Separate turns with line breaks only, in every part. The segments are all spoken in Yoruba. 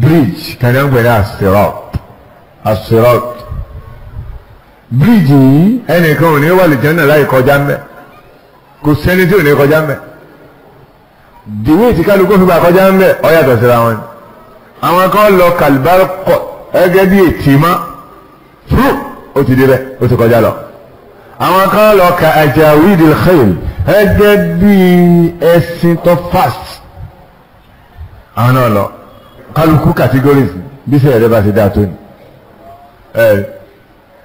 bridge kẹ̀lẹ́ ń pè ní asirat asirat bridge yìí ẹnìkan ò ní wà lè jẹ́nà láì kọjá mbẹ́ kò sẹ́ni tí ò ní kọjá mbẹ́ dìwé tí kálukú fi gbà kọjá mbẹ́ ọ yàtọ̀ síra wọn àwọn kan lọ kalibarikọ ẹgẹ́ bí tima, fúrú o ti dé o ó ti kọjá lọ àwọn kan lọ ka ajawidil khayl ẹgẹ́ bíi ẹṣin tó fast àwọn náà lọ kálukú categories bí sẹ́yìn rẹ bá ti dáa tó ni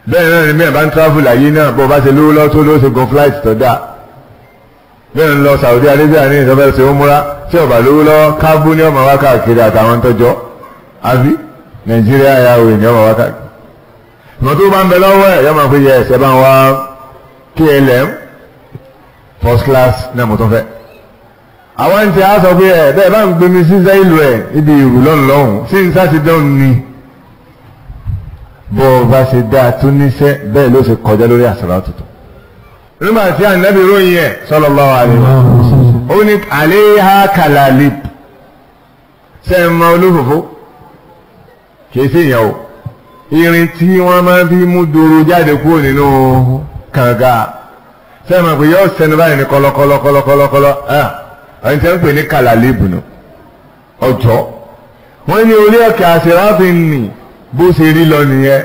bẹ́ẹ̀ náà ni mẹ́ẹ̀ bá ń travel àyè náà bó bá ṣe lówó lọ́tọ́ ló ṣe gun flight tó dáa bẹ́ẹ̀ ń lọ Saudi Arabia ní ìsọfẹ́ ṣe ó múra tí ọba lówó lọ́wọ́ kábú ní ọmọ wákàkiri àtàwọn tọ́jọ́ àbí Nàìjíríà yà wò ní ọmọ wákàkiri mọ̀tò bá ń bẹ lọ́wọ́ ẹ̀ yọ máa fi yẹ ẹ̀sẹ̀ bá ń wá. KLM, first class náà mo tán fẹ́ àwọn ti á sọ pé ẹ bẹ́ẹ̀ bá ń gbé mi sísẹ́ ìlú ẹ̀ ibi ìrù lọ́nà lọ́hùn sí ń sá ti dán ni bó o bá ṣe dáa tó níṣẹ́ bẹ́ẹ̀ ló ṣe kọjá lórí àṣàrà tuntun nígbà tí ànábì ròyìn ẹ̀ sallallahu alaihi ó ní àléhà kàlàlíp ṣe ń mọ olúfòfó kì í sí ìyàwó irin tí wọ́n máa bí mú dòrò jáde kúrò nínú Kanga, sẹ́yìn máa pè yọ sẹ́nu báyìí ní kọlọkọlọ kọlọkọlọ ẹ̀yìn tẹ́ ń pè ní kàlàlébù nù ọjọ́ wọ́n ní orí ọ̀kẹ́ àṣíráfin nì bó ṣe rí lọ nìyẹn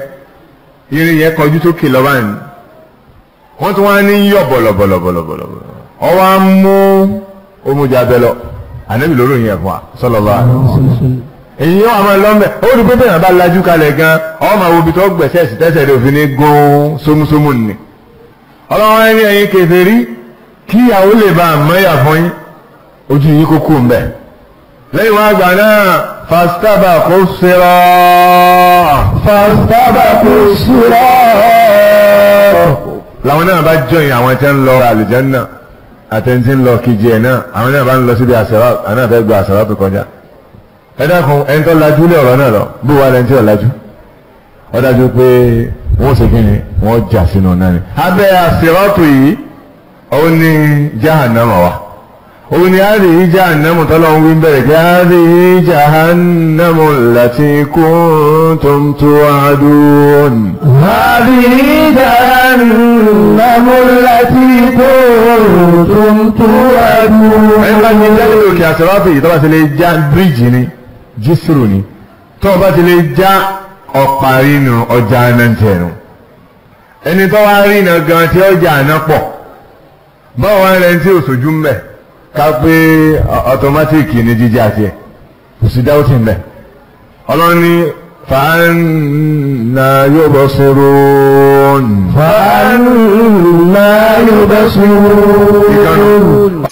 irin yẹn kọjú sókè lọ́wọ́ àná wọ́n tún wá ní yọ̀ bọ̀lọ̀bọ̀lọ̀bọ̀lọ̀ ọwọ́ á mú omujà bẹ lọ ànábì lóró yẹn fún wa sallallahu alaihi wasallam èyí wà máa lọ mẹ ó rí pé bẹ́ẹ̀ bá lajú kalẹ̀ gan ọmọ àwọn obìnrin tó gbẹ̀sẹ̀ sí tẹ́sẹ̀ rẹ̀ òfin ní gún sómúsómú nìyẹn ọlọ́wọ́ ẹni ẹ̀yin kèfèrí kí ìyàwó lè bá àmọ́yà fún yín ojú yìí kókó ń bẹ̀. lẹ́yìn wọn àgbà náà fàstábà kò sírọ́. fàstábà kò sírọ́. làwọn náà bá jọyìn àwọn tí ń lọ àlùjánnà àtẹ̀ntì ń lọ kejì ẹ̀ náà àwọn náà bá ń lọ síbi àṣàrà àwọn náà fẹ́ gba àṣàrà tó kọjá. ẹ dákun ẹni tó lajú lé ọ̀rọ̀ náà lọ bó wà lẹ́ni wọ́n ṣe kí ni wọ́n jà sínú náà ni. abẹ́ àṣírọ́tù yìí òun ni jahannama wa òun ni àríyí jahannamu tọ́lọ́hún wí bẹ̀rẹ̀ kí àríyí jahannamu lati kuntum tu'adun. àríyí jahannamu lati kuntum tu'adun. ẹ bá ti jáde lókè àṣírọ́tù yìí tọ́ba ti lè já bíríìjì ni jísírù ni tọ́ba ti lè já ọpa rínu ọjà anáńtẹ̀rù ẹni tó wá rínu gan tí ọjà aná pọ̀ báwo wá rẹ̀ tí òṣojú ń bẹ̀ ká pé ọtọmátìkì ní jíjẹ àti ẹ̀ kò sí dáwọ́ tì ń bẹ̀ ọlọ́run fàánà yóò bọ́ sọ́rọ́ fàánà yóò bọ́ sọ́rọ́ ìkànnì.